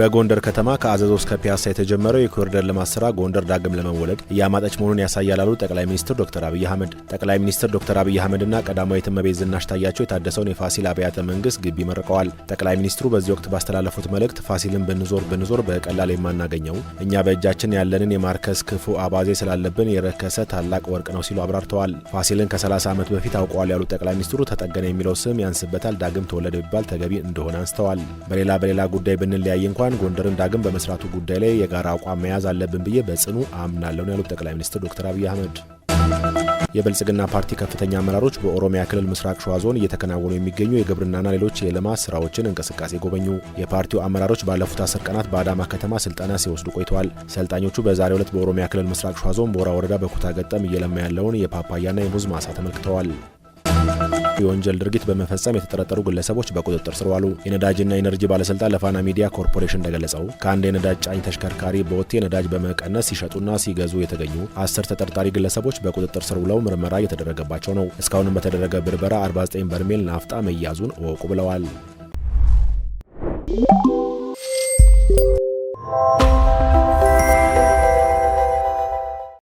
በጎንደር ከተማ ከአዘዞ እስከ ፒያሳ የተጀመረው የኮሪደር ልማት ስራ ጎንደር ዳግም ለመወለድ እያማጠች መሆኑን ያሳያል አሉ ጠቅላይ ሚኒስትር ዶክተር አብይ አህመድ። ጠቅላይ ሚኒስትር ዶክተር አብይ አህመድና ቀዳማዊት እመቤት ዝናሽ ታያቸው የታደሰውን የፋሲል አብያተ መንግስት ግቢ መርቀዋል። ጠቅላይ ሚኒስትሩ በዚህ ወቅት ባስተላለፉት መልእክት ፋሲልን ብንዞር ብንዞር በቀላል የማናገኘው እኛ በእጃችን ያለንን የማርከስ ክፉ አባዜ ስላለብን የረከሰ ታላቅ ወርቅ ነው ሲሉ አብራርተዋል። ፋሲልን ከ30 ዓመት በፊት አውቀዋል ያሉት ጠቅላይ ሚኒስትሩ ተጠገነ የሚለው ስም ያንስበታል፣ ዳግም ተወለደ ቢባል ተገቢ እንደሆነ አንስተዋል። በሌላ በሌላ ጉዳይ ብንለያይ እንኳን አውሮፓውያን ጎንደርን ዳግም በመስራቱ ጉዳይ ላይ የጋራ አቋም መያዝ አለብን ብዬ በጽኑ አምናለሁ ነው ያሉት ጠቅላይ ሚኒስትር ዶክተር አብይ አህመድ። የብልጽግና ፓርቲ ከፍተኛ አመራሮች በኦሮሚያ ክልል ምስራቅ ሸዋ ዞን እየተከናወኑ የሚገኙ የግብርናና ሌሎች የልማት ስራዎችን እንቅስቃሴ ጎበኙ። የፓርቲው አመራሮች ባለፉት አስር ቀናት በአዳማ ከተማ ስልጠና ሲወስዱ ቆይተዋል። ሰልጣኞቹ በዛሬ ዕለት በኦሮሚያ ክልል ምስራቅ ሸዋ ዞን ቦራ ወረዳ በኩታ ገጠም እየለማ ያለውን የፓፓያና የሙዝ ማሳ ተመልክተዋል። የወንጀል ድርጊት በመፈጸም የተጠረጠሩ ግለሰቦች በቁጥጥር ስር ዋሉ። የነዳጅና ኤነርጂ ባለስልጣን ለፋና ሚዲያ ኮርፖሬሽን እንደገለጸው ከአንድ የነዳጅ ጫኝ ተሽከርካሪ ቦቴ ነዳጅ በመቀነስ ሲሸጡና ሲገዙ የተገኙ አስር ተጠርጣሪ ግለሰቦች በቁጥጥር ስር ውለው ምርመራ እየተደረገባቸው ነው። እስካሁንም በተደረገ ብርበራ 49 በርሜል ናፍጣ መያዙን እወቁ ብለዋል።